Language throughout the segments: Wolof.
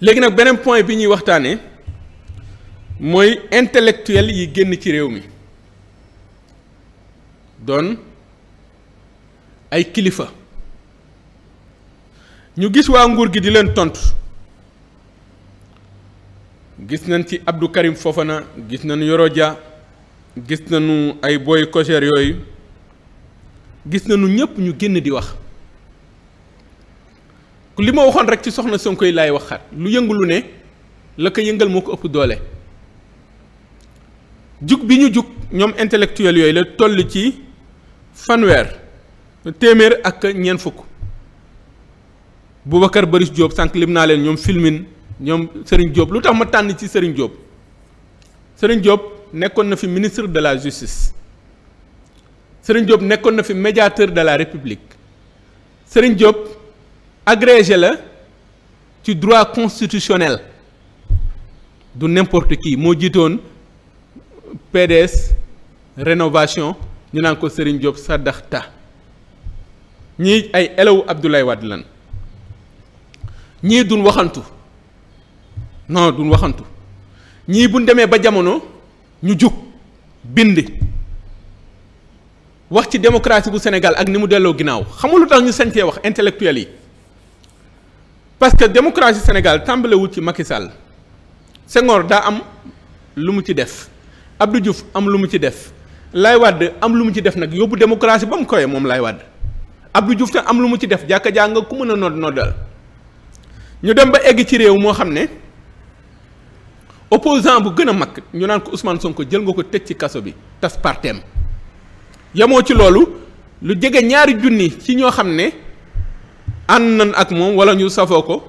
léegi nag beneen point bi ñuy waxtaanee mooy intellectuel yi génn ci réew mi doon ay kilifa ñu gis waa nguur gi di leen tontu gis nañ ci abdukarim Karim Fofana gis nanu Yoro Dia gis nañu ay boy cocher yooyu gis nanu ñëpp ñu génn di wax. li ma waxoon rek ci soxna Sonko yi laay waxaat lu yëngu lu ne la ko yëngal moo ko ëpp doole jug bi ñu jug ñoom intellectuel yooyu la toll ci fanweer téeméer ak ñeent fukk Boubacar Boris Diop sànq lim naa leen ñoom filmin ñoom Serigne Diop lu tax ma tànn ci Serigne Diop sëriñ Diop nekkoon na fi ministre de la justice Serigne Diop nekkoon na fi médiateur de la république Serigne Diop agrégé la ci droit constitutionnel du n'importe kii moo jiitoon PDS rénovation ñu naan ko Serigne Diop Sadaxta ñii ay élewu Abdoulaye Wade lan ñii duñ waxantu non duñ waxantu ñii buñ demee ba jamono ñu jug bind wax ci démocratie bu senegal ak ni mu delloo ginnaaw xamul lu tax ñu sañcee wax intellectuel yi parce que démocratie Sénégal tàmbalewul ci Macky Sall Senghor daa am lu mu ci def Abdou Diouf am lu mu ci def Laye Wade am lu mu ci def nag yóbbu démocratie ba mu koy moom Laye Wade Abdou juf te am lu mu ci def jàkka jàng ku mën a nodd noddal ñu dem ba egg ci réew moo xam ne opposant bu gën a mag ñu naan ko Ousmane Sonko jël nga ko tëj ci kaso bi tas parteem yemoo ci loolu lu jege ñaari junni ci ñoo xam ne. ànd nan ak moom wala ñu safoo ko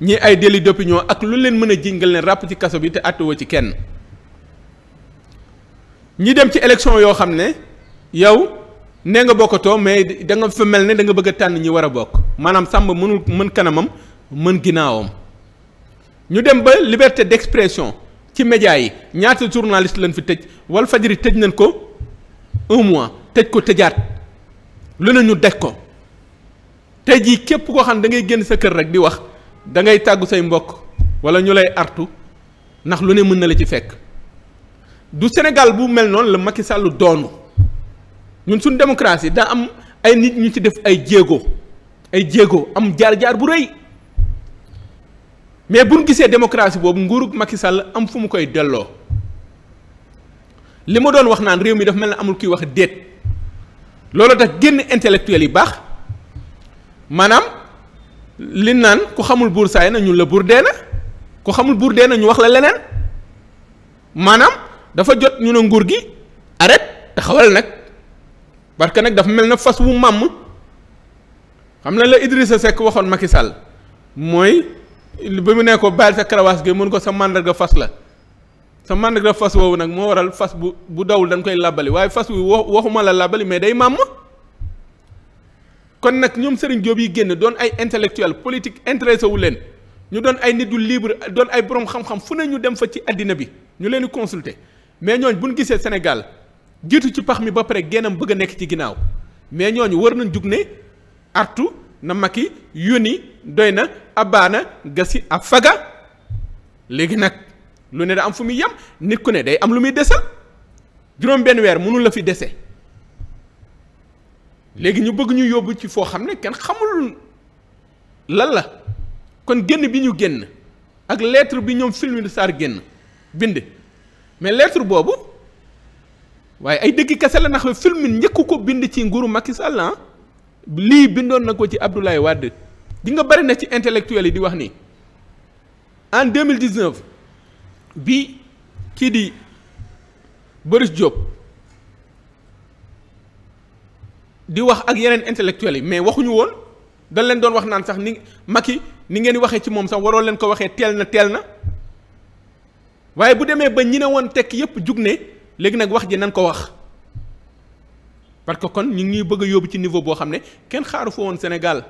ñi ay delli d'opinion ak lu leen mën a jingal ne ràpp ci kaso bi te àttewoo ci kenn ñi dem ci élection yoo xam ne yow nee nga bokkatoo mais da nga fa mel ne danga nga bëgg a tànn ñi war a bokk maanaam sàmba mënul mën kanamam mën ginnaawam ñu dem ba liberté d'expression ci média yi ñaata journaliste lañ fi tëj Walfadjri tëj nañ ko un mois tëj ko tëjaat lu ne ñu daj ko tey jii képp koo xam da ngay génn sa kër rek di wax da ngay tàggu say mbokk wala ñu lay artu ndax lu ne mën na la ci fekk du Sénégal bu mel noonu la Macky Sall doonu ñun suñu démocratie daa am ay nit ñu ci def ay jéego ay jéego am jaar-jaar bu rëy mais bu ñu gisee démocratie boobu nguurug Macky Sall am fu mu koy delloo li ma doon wax naan réew mi dafa mel ne amul kuy wax déet loolu tax génn intellectuel yi baax. maanaam li naan ku xamul buur saay na ñun la buur dee na ku xamul buur dee na ñu wax la leneen maanaam dafa jot ñu ne nguur gi arrête taxawal nag parce que nag dafa mel na fas wu màmm xam na la Idrissa Seck waxoon Macky Sall mooy ba mu ne ko baal sa karawaas gi mun ko sa màndarga fas la sa màndarga fas woowu nag moo waral fas bu bu dawul dañ koy làbbali waaye fas wi waxuma la làbbali mais day màmm kon nag ñoom Serigne Diop yi génn doon ay intellectuel politique intéressé wu leen ñu doon ay nit yu libre doon ay borom xam-xam fu ne ñu dem fa ci addina bi ñu leen di consulter mais ñooñ bu gisee senegal jiitu ci pax mi ba pare génnam bëgg a nekk ci ginnaaw mais ñooñu war nañ jug ne artu na Macky yónni doy na abaana gasi a faga léegi nag lu ne da am fu muy yem nit ku ne day am lu muy desal juróom benn weer mënu la fi dese. léegi ñu bëgg ñu yóbbu ci foo xam ne kenn xamul lan la kon génn bi ñu génn ak lettre bi ñoom Filmini Sarr génn bind mais lettre boobu waaye ay dëgg kese la ndax Filmini njëkk ko bind ci nguuru Macky Sall ah. lii bindoon na ko ci Abdoulaye Wade di nga bari na ci intellectuel yi di wax ni en 2019 bi kii di Boris Diop. di wax ak yeneen intellectuels yi mais waxuñu woon dañ leen doon wax naan sax ni Macky ni ngeen waxee ci moom sax waroo leen ko waxee teel na teel na waaye bu demee ba ñi ne woon tekk yépp jug ne léegi nag wax ji nan ko wax parce que kon ñu ngi bëgg yóbbu ci niveau boo xam ne kenn xaaru fa woon Sénégal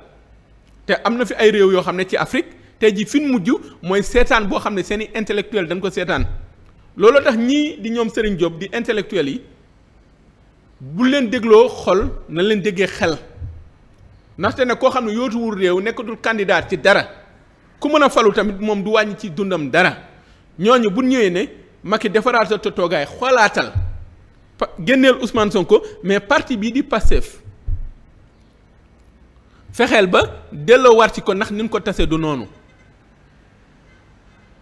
te am na fi ay réew yoo xam ne ci Afrique tey ji fi mu mujj mooy seetaan boo xam ne seen i intellectuel dañ ko seetaan looloo tax ñii di ñoom Serigne Diop di intellectuel yi. bu leen dégloo xol na leen déggee xel ndaxte ne koo xam ne yootuwul réew nekkatul candidat ci dara ku mën a falu tamit moom du wàññi ci dundam dara ñooñu bu ñëwee ne Macky defaraat te toogaay xoolaatal génneel Ousmane ko mais parti bii di Pastef fexeel ba delloowaat ci ko ndax ni mu ko tasee du noonu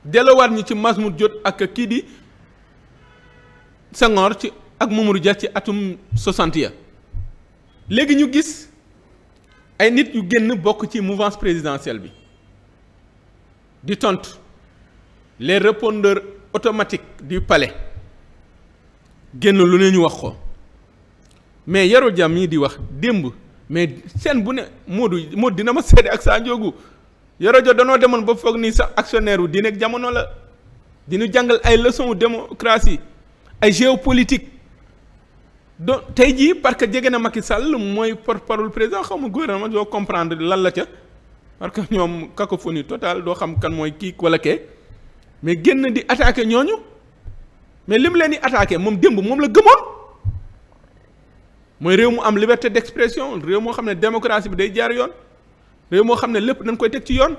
delloowaat ñu ci Masmoud jot ak kii di Senghor ci. ak Mamadou Dia ci atum 60 ya léegi ñu gis ay nit yu génn bokk ci mouvance présidentielle bi di tontu les répondeurs automatiques du palais génn lu ne ñu wax ko mais yaru jàmm yi di wax démb mais seen bu ne Modou Modou dina ma seede ak saa njóogu yoro jo danoo demoon ba foog ni sax actionnaire wu di nekk jamono la dinu jàngal ay leçon démocratie ay géopolitique donc tey jii parce que jege na makki Sall mooy porte parul président xaw ma gouvernement doo comprendre lan la ca parce que ñoom cacophonie totale doo xam kan mooy kii wala kee mais génn di attaqué ñooñu mais lim leen di attaqué moom démb moom la gëmoon mooy réew mu am liberté d'expression réew moo xam ne démocratie bi day jaar yoon réew moo xam ne lépp dañ koy teg ci yoon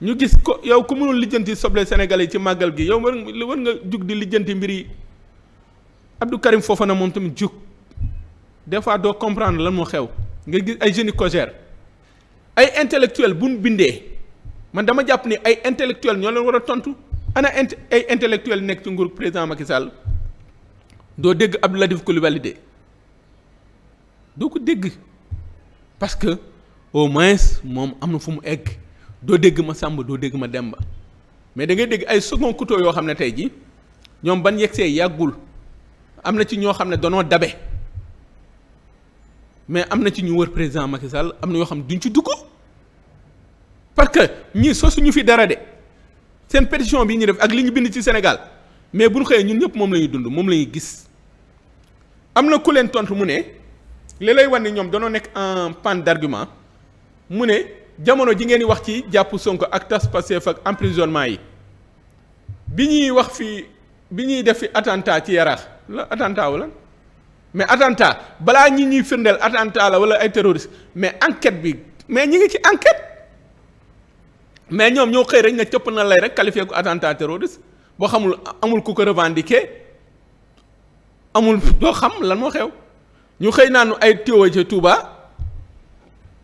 ñu gis ko yow ku mënul lijjanti soble sénégal sénégalais ci màggal gi yow war nga war nga jug di lijjanti mbir yi. Abdou Karim Fofana moom tamit jóg des fois doo comprendre lan moo xew nga gis ay jeunes cogère ay intellectuel bu ñu bindee man dama jàpp ni ay intellectuel ñoo leen war a tontu ana int ay intellectuel nekk ci nguur président Macky Sall doo dégg Abdou Latif Coulibaly de doo ko dégg parce que au moins moom am na fu mu egg doo dégg ma Samba doo dégg ma dem ba mais da ngay dégg ay second couteau yoo xam ne tey ji ñoom ban yegsee yàggul am na ci ñoo xam ne danoo dabe mais am na ci ñu wër président Macky am na yoo xam ne duñ ci dugg parce que ñii sosuñu fi dara de seen pétition bi ñu def ak li ñu bind ci Sénégal mais bu ñu xëyee ñun ñëpp moom la ñuy dund moom la ñuy gis am na ku leen tontu mu ne li lay wan ni ñoom danoo nekk en panne d'argument mu ne jamono ji ngeen di wax ci jàpp Sonko ak tas Pastef ak emprisonnement yi bi ñuy wax fi bi ñuy def fi attentat ci Yaraax la attentat wala mais attentat balaa ñi ñuy firndeel attentat la wala ay terroriste mais enquête bi mais ñi ngi ci enquête mais ñoom ñoo xëy rek na cëpp na lay rek qualifié ko attentat terroriste boo xamul amul ku ko revendiqué amul doo xam lan moo xew ñu xëy naa nu ay téwo ca Touba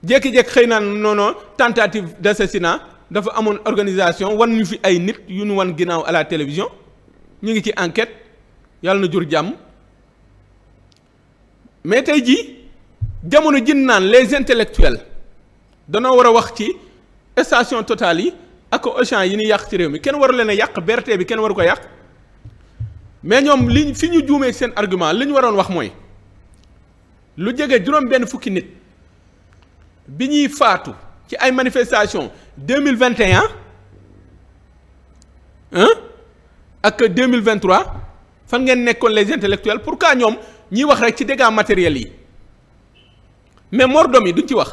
jékki-jékki xëy naan non non tentative d'assassinat dafa amoon organisation wan ñu fi ay nit yu ñu wan ginnaaw à la télévision ñu ngi ci enquête yàlla na jur jàmm mais tey jii jamono jin naan les intellectuels danoo war a wax ci station Total yi ak Auchan yi ñuy yàq ci réew mi kenn waru leen a yàq BRT bi kenn waru ko yàq mais ñoom liñ fi ñu juumee seen argument li ñu waroon wax mooy lu jege juróom benn fukki nit bi ñuy faatu ci ay manifestation deux mille vingt et ak deux mille vingt fan ngeen nekkoon les pour pourquoi ñoom ñiy wax rek ci dégâts matériels yi mais mordom yi duñ ci wax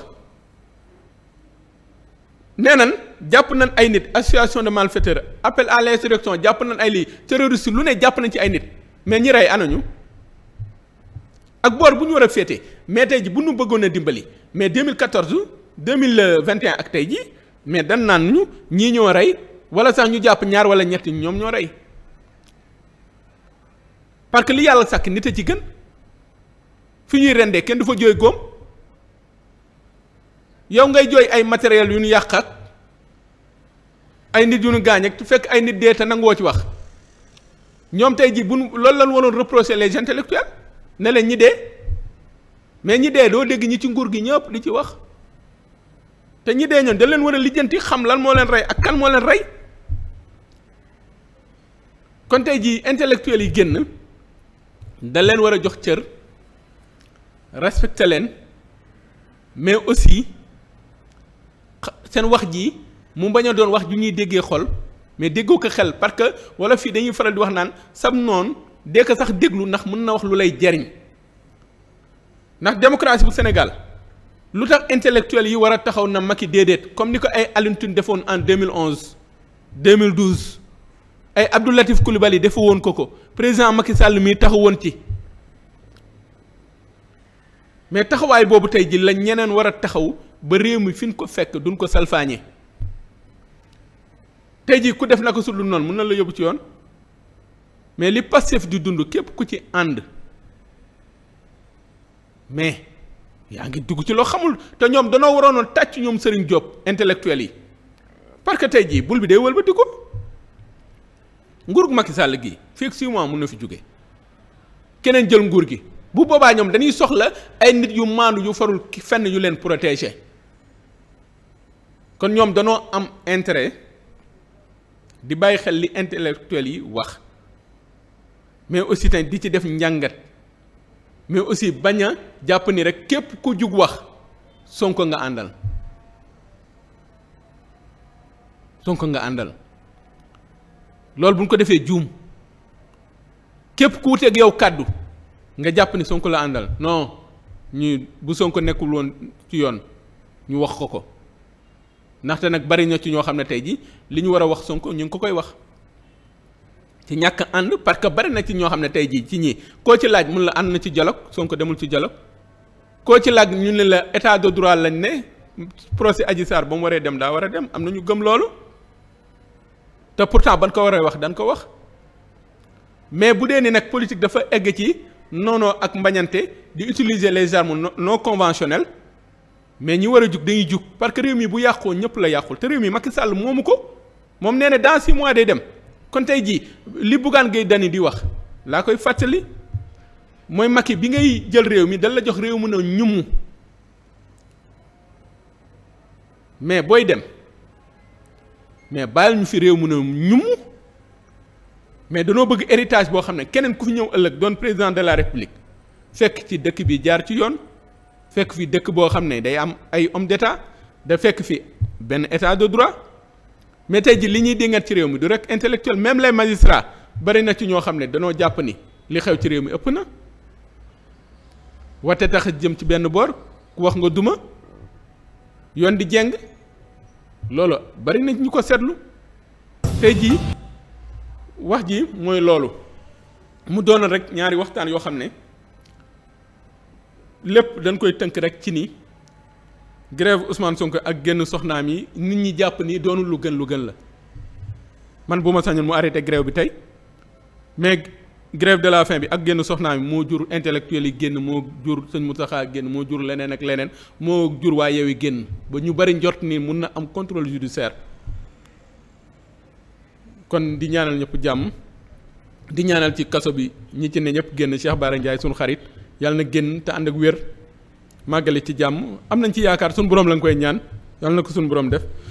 nee nan jàpp nan ay nit association de malfaiteurs appel à l'insurrection jàpp nañ ay lii terroriste lu ne jàpp nañ ci ay nit mais ñi rey anañu ak boor bu ñu war a féete mais tey ji bu ñu bëggoon a dimbali mais 2014 2021 ak tey ji mais dan naan ñu ñii ñoo rey wala sax ñu jàpp ñaar wala ñetti ñoom ñoo rey parce que li yàlla sàkk nit a ci gën fi ñuy rendee kenn du fa jooy góom yow ngay jooy ay matériel yu ñu yàq ak ay nit yu ñu gaañ ak fekk ay nit dee te nangoo ci wax ñoom tey jii bu loolu lañ waroon reprocher les intellectuels ne leen ñi dee mais ñi dee doo dégg ñi ci nguur gi ñëpp di ci wax te ñi dee ñoom da leen war a lijjanti xam lan moo leen rey ak kan moo leen rey kon tey jii intellectuels yi génn. da leen war a jox cër respecté leen mais aussi seen wax ji mu bañ a doon wax ju ñuy déggee xol mais déggoo ko xel parce que wala fii dañuy faral di wax naan sam noon de ko sax déglu ndax mën na wax lu lay jariñ ndax démocratie bu Sénégal lu tax intellectuel yi war a taxaw na Macky déedéet comme ni ko ay Alioune Tine defoon en 2011 2012 ay Abdou Latif Coulibaly defu woon ko ko président Macky sàll mii taxu woon ci mais taxawaay boobu tey ji la ñeneen war a taxaw ba réew mi fi ñu ko fekk duñ ko salfaañee tey ji ku def na ko su dul noonu mën na la yóbbu ci yoon mais li Pastef di dund képp ku ci ànd mais yaa ngi dugg ci loo xamul te ñoom danoo waroonoon tàcc ñoom Serigne Diop intellectuel yi parce que tey jii bul bi dee wëlbati ko nguurug Macky Sall gii fii ak 6 mois mun na fi jóge keneen jël nguur gi bu boobaa ñoom dañuy soxla ay nit yu maandu yu farul fenn yu leen protéger kon ñoom danoo am intérêt di bàyyi xel li intellectuel yi wax mais aussi te di ci def njàngat mais aussi bañ a jàpp ni rek képp ku jug wax Sonko nga àndal Sonko nga àndal loolu bu ñu ko defee juum képp ku yow kàddu nga jàpp ni Sonko la àndal non ñu bu Sonko nekkul woon ci yoon ñu wax ko ko ndaxte nag bari na ci ñoo xam ne tey ji li ñu war a wax Sonko ñu ngi ko koy wax ci ñàkk ànd parce que bari na ci ñoo xam ne tey jii ci ñii koo ci laaj mun la ànd na ci dialogue Sonko demul ci dialogue koo ci laaj ñu ne la état de lañ ne procès Adji Sarr ba mu waree dem daa war a dem am na ñu gëm loolu te pourtant ban ko waree wax dañ ko wax mais bu dee ni nag politique dafa egg ci noonoo ak mbañante di utiliser les armes non conventionnelles mais ñi war a jug dañuy jug parce que réew mi bu yàqoo ñëpp la yàqul te réew mi mag Macky sàll moomu ko moom nee ne dans si mois day dem kon tey jii li Bougane Gueye Dany di wax laa koy fàttali mooy Macky bi ngay jël réew mi dal la jox réew mu ne ñum mais booy dem. mais bàyyil ñu fi réew mu ne ñum mais danoo bëgg héritage boo xam ne keneen ku fi ñëw ëllëg doon président de la république fekk ci dëkk bi jaar ci yoon fekk fi dëkk boo xam ne day am ay om d'état da fekk fi benn état de droit mais tey ji li ñuy dingat ci réew mi du rek intellectuel même les magistrats bari na ci ñoo xam ne danoo jàpp ni li xew ci réew mi ëpp na wate tax jëm ci benn boor ku wax nga duma yoon di jeng loolo bari nañ ñu ko seetlu tey jii wax ji mooy loolu mu doonal rek ñaari waxtaan yoo xam ne lépp dañ koy tënk rek ci ni grève Ousmane Sonko ak génn soxnaam yi nit ñi jàpp ni doonul lu gën lu gën la man bu ma mu arrêté grève bi tey mais. grève de la fin bi ak génn soxnaam bi moo jur intellectuel yi génn moo jur sëñ Mountakha génn moo jur leneen ak leneen moo jur waa Yewwi génn ba ñu bari njot ni mun na am contrôle judiciaire kon di ñaanal ñëpp jàmm di ñaanal ci kaso bi ñi ci ne ñëpp génn Cheikh Bara Ndiaye suñ xarit yàlla na génn te ànd ak wér màggale ci jàmm am nañ ci yaakaar suñu borom lañ koy ñaan yàlla na ko suñu boroom def